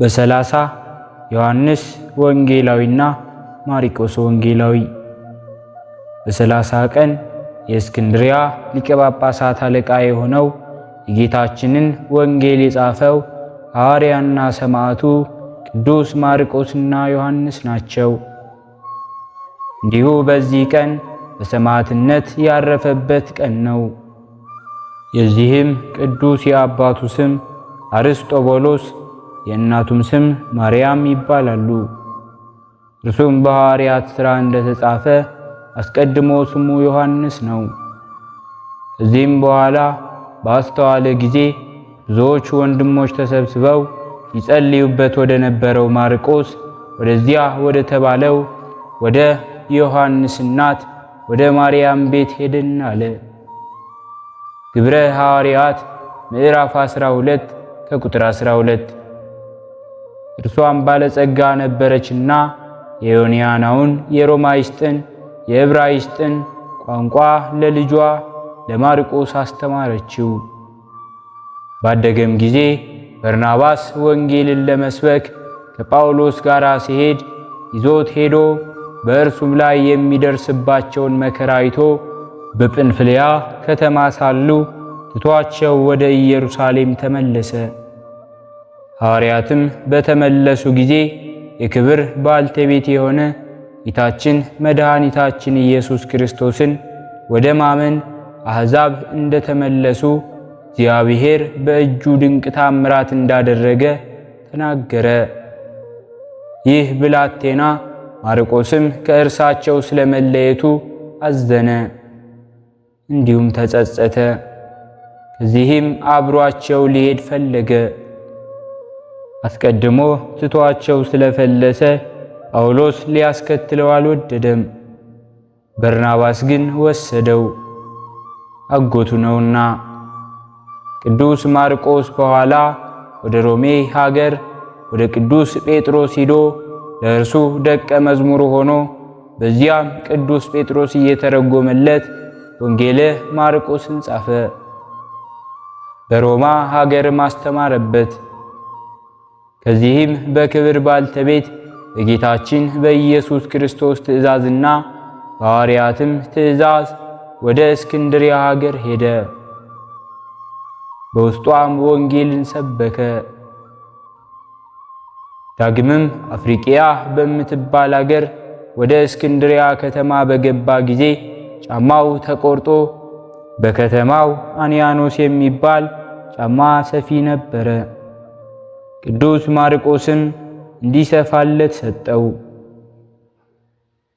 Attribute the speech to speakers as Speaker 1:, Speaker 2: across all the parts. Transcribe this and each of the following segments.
Speaker 1: በሰላሳ ዮሐንስ ወንጌላዊና ማርቆስ ወንጌላዊ። በሰላሳ ቀን የእስክንድሪያ ሊቀ ጳጳሳት አለቃ የሆነው የጌታችንን ወንጌል የጻፈው ሐዋርያና ሰማዕቱ ቅዱስ ማርቆስና ዮሐንስ ናቸው። እንዲሁ በዚህ ቀን በሰማዕትነት ያረፈበት ቀን ነው። የዚህም ቅዱስ የአባቱ ስም አርስጦቦሎስ የእናቱም ስም ማርያም ይባላሉ። እርሱም በሐዋርያት ሥራ እንደተጻፈ አስቀድሞ ስሙ ዮሐንስ ነው። ከዚህም በኋላ በአስተዋለ ጊዜ ብዙዎቹ ወንድሞች ተሰብስበው ይጸልዩበት ወደ ነበረው ማርቆስ ወደዚያ ወደ ተባለው ወደ ዮሐንስ እናት ወደ ማርያም ቤት ሄድን አለ። ግብረ ሐዋርያት ምዕራፍ 12 ከቁጥር 12 እርሷም ባለጸጋ ነበረችና የዮንያናውን የሮማይስጥን የዕብራይስጥን ቋንቋ ለልጇ ለማርቆስ አስተማረችው። ባደገም ጊዜ በርናባስ ወንጌልን ለመስበክ ከጳውሎስ ጋር ሲሄድ ይዞት ሄዶ በእርሱም ላይ የሚደርስባቸውን መከራ አይቶ በጵንፍልያ ከተማ ሳሉ ትቷቸው ወደ ኢየሩሳሌም ተመለሰ። ሐዋርያትም በተመለሱ ጊዜ የክብር ባልተቤት የሆነ ጌታችን መድኃኒታችን ኢየሱስ ክርስቶስን ወደ ማመን አሕዛብ እንደተመለሱ እግዚአብሔር በእጁ ድንቅ ታምራት እንዳደረገ ተናገረ። ይህ ብላቴና ማርቆስም ከእርሳቸው ስለመለየቱ አዘነ፣ እንዲሁም ተጸጸተ። ከዚህም አብሯቸው ሊሄድ ፈለገ። አስቀድሞ ትቷቸው ስለፈለሰ ጳውሎስ ሊያስከትለው አልወደደም። በርናባስ ግን ወሰደው አጎቱ ነውና። ቅዱስ ማርቆስ በኋላ ወደ ሮሜ ሀገር ወደ ቅዱስ ጴጥሮስ ሂዶ ለእርሱ ደቀ መዝሙር ሆኖ በዚያም ቅዱስ ጴጥሮስ እየተረጎመለት ወንጌለ ማርቆስን ጻፈ። በሮማ ሀገር ማስተማረበት። ከዚህም በክብር ባልተቤት በጌታችን በኢየሱስ ክርስቶስ ትእዛዝና በሐዋርያትም ትእዛዝ ወደ እስክንድሪያ ሀገር ሄደ። በውስጧም ወንጌልን ሰበከ። ዳግምም አፍሪቅያ በምትባል አገር ወደ እስክንድሪያ ከተማ በገባ ጊዜ ጫማው ተቆርጦ በከተማው አንያኖስ የሚባል ጫማ ሰፊ ነበረ። ቅዱስ ማርቆስም እንዲሰፋለት ሰጠው።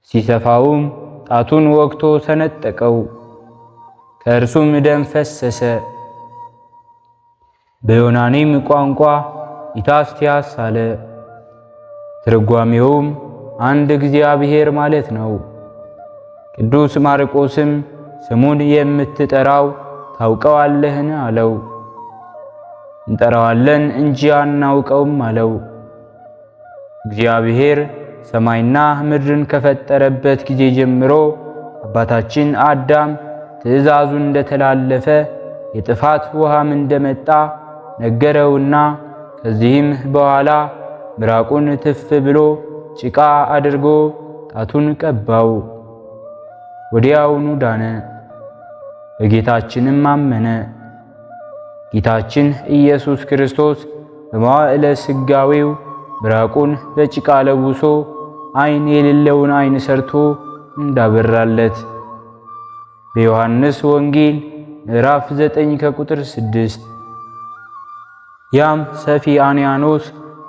Speaker 1: ሲሰፋውም ጣቱን ወግቶ ተነጠቀው፣ ከእርሱም ደም ፈሰሰ። በዮናኒም ቋንቋ ኢታስቲያስ አለ። ትርጓሜውም አንድ እግዚአብሔር ማለት ነው። ቅዱስ ማርቆስም ስሙን የምትጠራው ታውቀዋለህን? አለው። እንጠራዋለን እንጂ አናውቀውም አለው። እግዚአብሔር ሰማይና ምድርን ከፈጠረበት ጊዜ ጀምሮ አባታችን አዳም ትእዛዙ እንደተላለፈ የጥፋት ውሃም እንደመጣ ነገረውና ከዚህም በኋላ ምራቁን ትፍ ብሎ ጭቃ አድርጎ ጣቱን ቀባው። ወዲያውኑ ዳነ፣ በጌታችንም አመነ። ጌታችን ኢየሱስ ክርስቶስ በመዋዕለ ሥጋዌው ምራቁን በጭቃ ለውሶ ዓይን የሌለውን ዓይን ሰርቶ እንዳበራለት በዮሐንስ ወንጌል ምዕራፍ 9 ከቁጥር 6። ያም ሰፊ አንያኖስ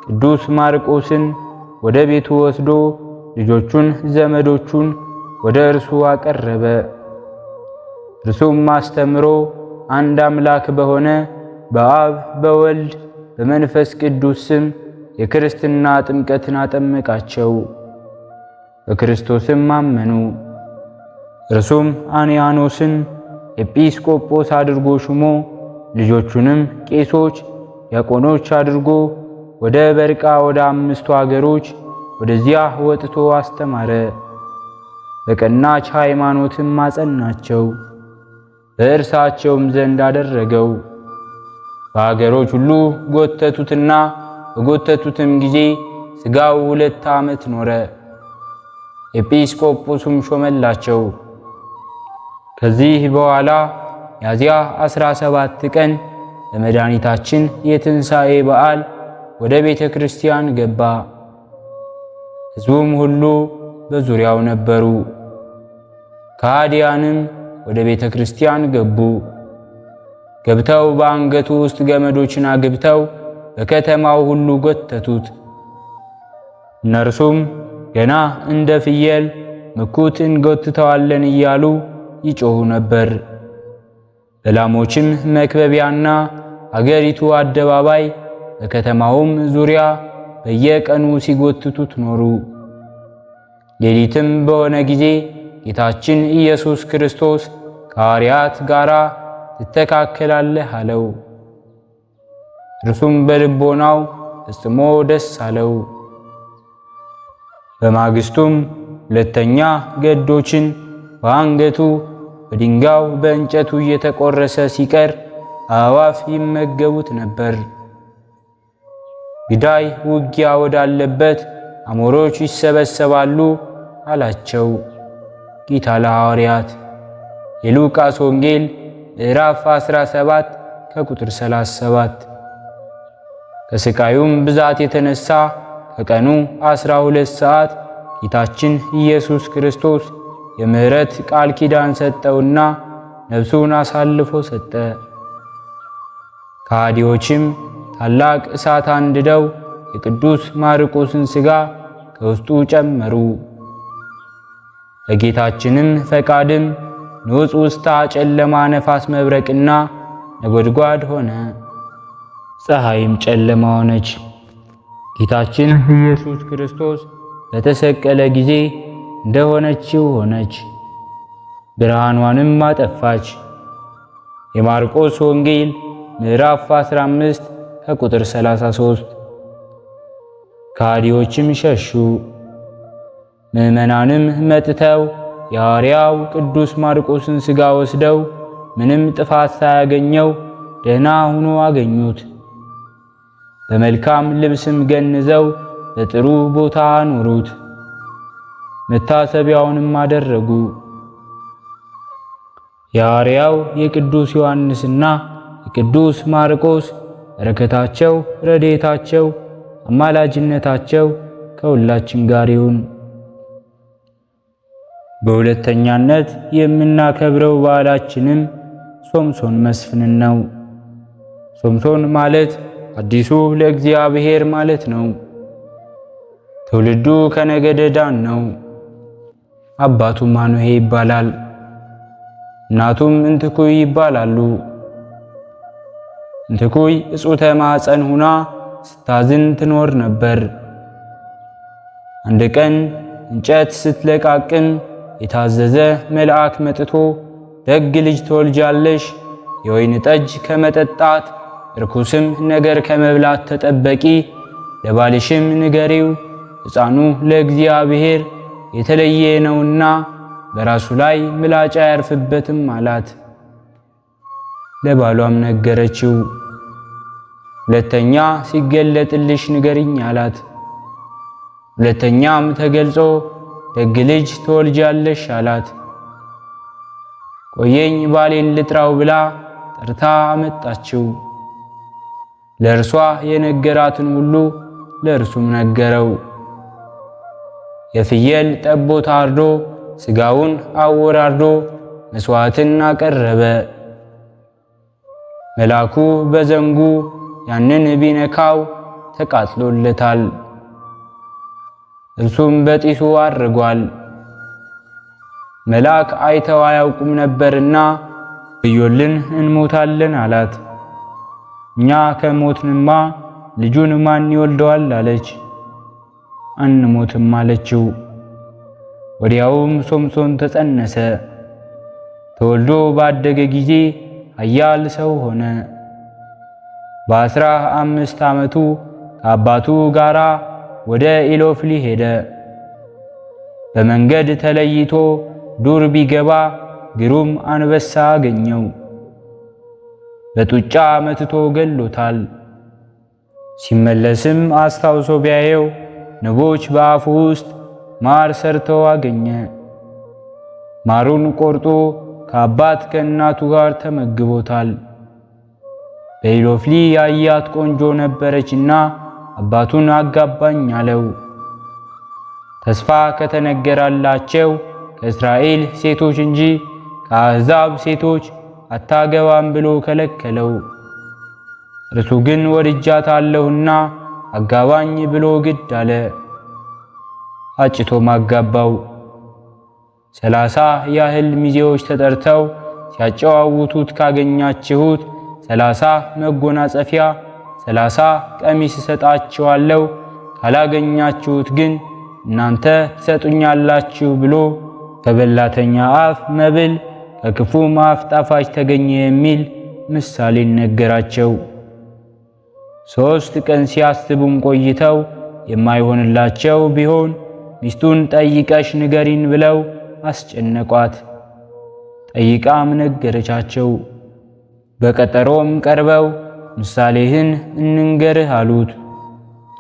Speaker 1: ቅዱስ ማርቆስን ወደ ቤቱ ወስዶ ልጆቹን ዘመዶቹን ወደ እርሱ አቀረበ። እርሱም አስተምሮ አንድ አምላክ በሆነ በአብ በወልድ በመንፈስ ቅዱስ ስም የክርስትና ጥምቀትን አጠመቃቸው። በክርስቶስም አመኑ። እርሱም አንያኖስን ኤጲስቆጶስ አድርጎ ሹሞ ልጆቹንም ቄሶች፣ ዲያቆኖች አድርጎ ወደ በርቃ ወደ አምስቱ አገሮች ወደዚያ ወጥቶ አስተማረ። በቀናች ሃይማኖትም አጸናቸው። በእርሳቸውም ዘንድ አደረገው። በአገሮች ሁሉ ጎተቱትና በጎተቱትም ጊዜ ሥጋው ሁለት ዓመት ኖረ። ኤጲስቆጶሱም ሾመላቸው። ከዚህ በኋላ ሚያዝያ 17 ሰባት ቀን በመድኃኒታችን የትንሣኤ በዓል ወደ ቤተ ክርስቲያን ገባ። ሕዝቡም ሁሉ በዙሪያው ነበሩ። ከሃዲያንም ወደ ቤተ ክርስቲያን ገቡ። ገብተው በአንገቱ ውስጥ ገመዶችን አግብተው በከተማው ሁሉ ጎተቱት። እነርሱም ገና እንደ ፍየል ምኩት እንጎትተዋለን እያሉ ይጮኹ ነበር። በላሞችም መክበቢያና አገሪቱ አደባባይ በከተማውም ዙሪያ በየቀኑ ሲጎትቱት ኖሩ። ሌሊትም በሆነ ጊዜ ጌታችን ኢየሱስ ክርስቶስ ከሐዋርያት ጋር ትተካከላለህ አለው። እርሱም በልቦናው ፈጽሞ ደስ አለው። በማግስቱም ሁለተኛ ገዶችን በአንገቱ በድንጋው በእንጨቱ እየተቆረሰ ሲቀር አእዋፍ ይመገቡት ነበር። ግዳይ ውጊያ ወዳለበት አሞሮች ይሰበሰባሉ አላቸው ጌታ ለሐዋርያት የሉቃስ ወንጌል ምዕራፍ 17 ከቁጥር 37። ከስቃዩም ብዛት የተነሳ ከቀኑ 12 ሰዓት ጌታችን ኢየሱስ ክርስቶስ የምሕረት ቃል ኪዳን ሰጠውና ነፍሱን አሳልፎ ሰጠ። ከሃዲዎችም ታላቅ እሳት አንድደው የቅዱስ ማርቆስን ሥጋ ከውስጡ ጨመሩ። በጌታችንም ፈቃድም ንውፅ ውስታ ጨለማ ነፋስ መብረቅና ነጎድጓድ ሆነ፣ ፀሐይም ጨለማ ሆነች። ጌታችን ኢየሱስ ክርስቶስ በተሰቀለ ጊዜ እንደሆነችው ሆነች፣ ብርሃኗንም አጠፋች። የማርቆስ ወንጌል ምዕራፍ 15 ከቁጥር 33። ከሃዲዎችም ሸሹ፣ ምዕመናንም መጥተው የሐዋርያው ቅዱስ ማርቆስን ሥጋ ወስደው ምንም ጥፋት ሳያገኘው ደህና ሆኖ አገኙት። በመልካም ልብስም ገንዘው በጥሩ ቦታ አኖሩት። መታሰቢያውንም አደረጉ። የሐዋርያው የቅዱስ ዮሐንስና የቅዱስ ማርቆስ በረከታቸው፣ ረዴታቸው፣ አማላጅነታቸው ከሁላችን ጋር ይሁን። በሁለተኛነት የምናከብረው በዓላችንም ሶምሶን መስፍንን ነው። ሶምሶን ማለት አዲሱ ለእግዚአብሔር ማለት ነው። ትውልዱ ከነገደ ዳን ነው። አባቱ ማኑሄ ይባላል። እናቱም እንትኩይ ይባላሉ። እንትኩይ እጹተ ማኅፀን ሁና ስታዝን ትኖር ነበር። አንድ ቀን እንጨት ስትለቃቅም የታዘዘ መልአክ መጥቶ ደግ ልጅ ትወልጃለሽ፣ የወይን ጠጅ ከመጠጣት ርኩስም ነገር ከመብላት ተጠበቂ፣ ለባልሽም ንገሪው፣ ሕፃኑ ለእግዚአብሔር የተለየ ነውና በራሱ ላይ ምላጭ አያርፍበትም አላት። ለባሏም ነገረችው። ሁለተኛ ሲገለጥልሽ ንገርኝ አላት። ሁለተኛም ተገልጾ ደግ ልጅ ትወልጃለሽ አላት። ቆየኝ ባሌን ልጥራው ብላ ጠርታ አመጣችው። ለእርሷ የነገራትን ሁሉ ለእርሱም ነገረው። የፍየል ጠቦት አርዶ ሥጋውን አወራርዶ መሥዋዕትን አቀረበ። መልአኩ በዘንጉ ያንን ቢነካው ተቃጥሎለታል። እርሱም በጢሱ አድርጓል። መልአክ አይተው አያውቁም ነበርና ብዮልን እንሞታለን አላት። እኛ ከሞትንማ ልጁን ማን ይወልደዋል አለች። አንሞትም አለችው። ወዲያውም ሶምሶን ተጸነሰ። ተወልዶ ባደገ ጊዜ አያል ሰው ሆነ። በአስራ አምስት ዓመቱ ከአባቱ ጋራ ወደ ኢሎፍሊ ሄደ። በመንገድ ተለይቶ ዱር ቢገባ ግሩም አንበሳ አገኘው። በጡጫ መትቶ ገሎታል። ሲመለስም አስታውሶ ቢያየው ንቦች በአፉ ውስጥ ማር ሰርተው አገኘ። ማሩን ቆርጦ ከአባት ከእናቱ ጋር ተመግቦታል። በኢሎፍሊ ያያት ቆንጆ ነበረችና አባቱን አጋባኝ አለው። ተስፋ ከተነገራላቸው ከእስራኤል ሴቶች እንጂ ከአሕዛብ ሴቶች አታገባም ብሎ ከለከለው። እርሱ ግን ወድጃታለሁና አጋባኝ ብሎ ግድ አለ። አጭቶም አጋባው። ሰላሳ ያህል ሚዜዎች ተጠርተው ሲያጨዋውቱት ካገኛችሁት ሰላሳ መጎናጸፊያ ሰላሳ ቀሚስ እሰጣችኋለሁ ካላገኛችሁት ግን እናንተ ትሰጡኛላችሁ ብሎ ከበላተኛ አፍ መብል ከክፉም አፍ ጣፋጭ ተገኘ የሚል ምሳሌ ነገራቸው። ሦስት ቀን ሲያስቡም ቆይተው የማይሆንላቸው ቢሆን ሚስቱን ጠይቀሽ ንገሪን ብለው አስጨነቋት። ጠይቃም ነገረቻቸው። በቀጠሮም ቀርበው ምሳሌህን እንንገርህ አሉት።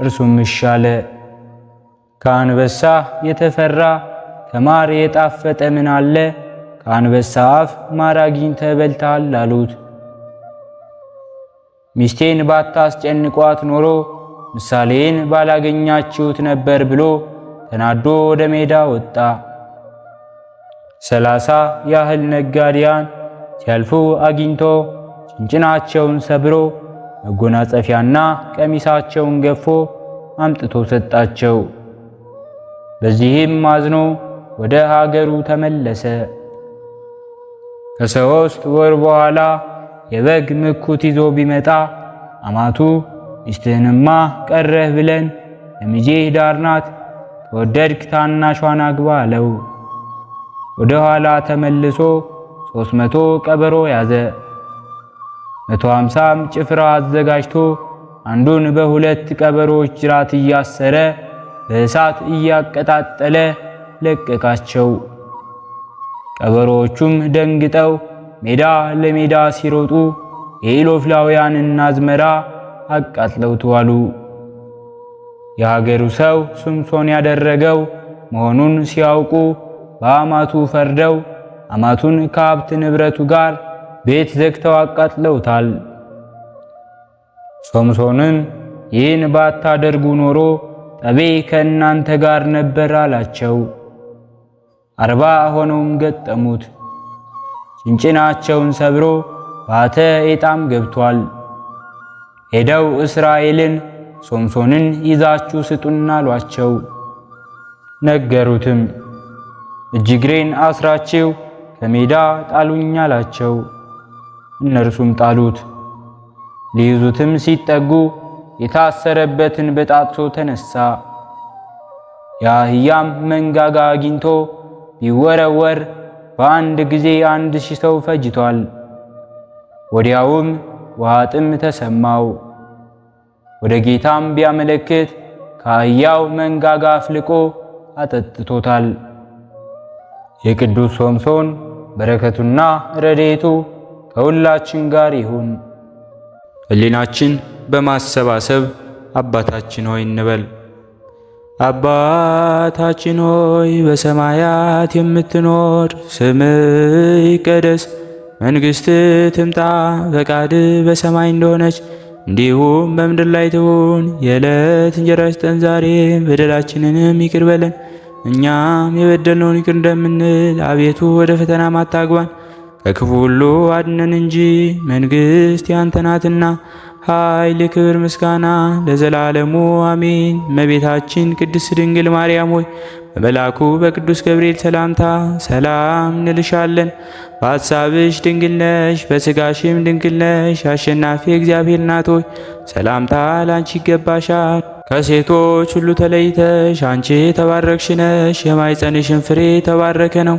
Speaker 1: እርሱም እሺ አለ። ከአንበሳ የተፈራ ከማር የጣፈጠ ምን አለ? ከአንበሳ አፍ ማር ተበልታል በልተሃል አሉት። ሚስቴን ባታስጨንቋት ኖሮ ምሳሌን ባላገኛችሁት ነበር ብሎ ተናዶ ወደ ሜዳ ወጣ። ሰላሳ ያህል ነጋዴያን ሲያልፉ አግኝቶ እንጭናቸውን ሰብሮ መጎናጸፊያና ቀሚሳቸውን ገፎ አምጥቶ ሰጣቸው። በዚህም አዝኖ ወደ ሀገሩ ተመለሰ። ከሶስት ወር በኋላ የበግ ምኩት ይዞ ቢመጣ አማቱ ሚስትህንማ ቀረህ ብለን ለሚዜህ ዳር ናት ተወደድክ ታናሿን አግባ አለው። ወደ ኋላ ተመልሶ ሦስት መቶ ቀበሮ ያዘ። መቶ ሃምሳም ጭፍራ አዘጋጅቶ አንዱን በሁለት ቀበሮች ጅራት እያሰረ በእሳት እያቀጣጠለ ለቀቃቸው። ቀበሮዎቹም ደንግጠው ሜዳ ለሜዳ ሲሮጡ የኢሎፍላውያንን አዝመራ አቃጥለውት ዋሉ። የሀገሩ ሰው ስምሶን ያደረገው መሆኑን ሲያውቁ በአማቱ ፈርደው አማቱን ከሀብት ንብረቱ ጋር ቤት ዘግተው አቃጥለውታል። ሶምሶንን ይህን ባታደርጉ ኖሮ ጠቤ ከእናንተ ጋር ነበር አላቸው። አርባ ሆነውም ገጠሙት። ጭንጭናቸውን ሰብሮ ባተ ኤጣም ገብቷል። ሄደው እስራኤልን ሶምሶንን ይዛችሁ ስጡና አሏቸው። ነገሩትም እጅግሬን አስራችሁ ከሜዳ ጣሉኝ አላቸው። እነርሱም ጣሉት። ሊይዙትም ሲጠጉ የታሰረበትን በጣጥሶ ተነሳ። የአህያም መንጋጋ አግኝቶ ቢወረወር በአንድ ጊዜ አንድ ሺህ ሰው ፈጅቷል። ወዲያውም ውሃ ጥም ተሰማው። ወደ ጌታም ቢያመለክት ከአህያው መንጋጋ አፍልቆ አጠጥቶታል። የቅዱስ ሶምሶን በረከቱና ረዴቱ! ከሁላችን ጋር ይሁን።
Speaker 2: ሕሊናችን በማሰባሰብ አባታችን ሆይ እንበል። አባታችን ሆይ በሰማያት የምትኖር፣ ስምህ ይቀደስ፣ መንግሥት ትምጣ፣ ፈቃድ በሰማይ እንደሆነች እንዲሁም በምድር ላይ ትሁን። የዕለት እንጀራች ስጠን ዛሬ፣ በደላችንንም ይቅር በለን እኛም የበደልነውን ይቅር እንደምንል፣ አቤቱ ወደ ፈተና ማታግባን። ከክፉ ሁሉ አድነን እንጂ መንግስት ያንተ ናትና ኃይል፣ ክብር፣ ምስጋና ለዘላለሙ አሜን። እመቤታችን ቅድስት ድንግል ማርያም ሆይ በመልአኩ በቅዱስ ገብርኤል ሰላምታ ሰላም እንልሻለን። በሐሳብሽ ድንግል ነሽ፣ በሥጋሽም ድንግል ነሽ። አሸናፊ እግዚአብሔር ናት ሆይ ሰላምታ ላንቺ ይገባሻል። ከሴቶች ሁሉ ተለይተሽ አንቺ የተባረክሽ ነሽ፣ የማኅፀንሽን ፍሬ የተባረከ ነው።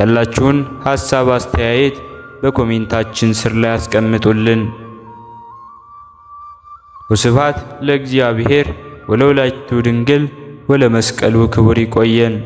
Speaker 2: ያላችሁን ሐሳብ አስተያየት በኮሜንታችን ስር ላይ አስቀምጡልን። ወስብሐት ለእግዚአብሔር ወለወላዲቱ ድንግል ወለመስቀሉ ክቡር። ይቆየን።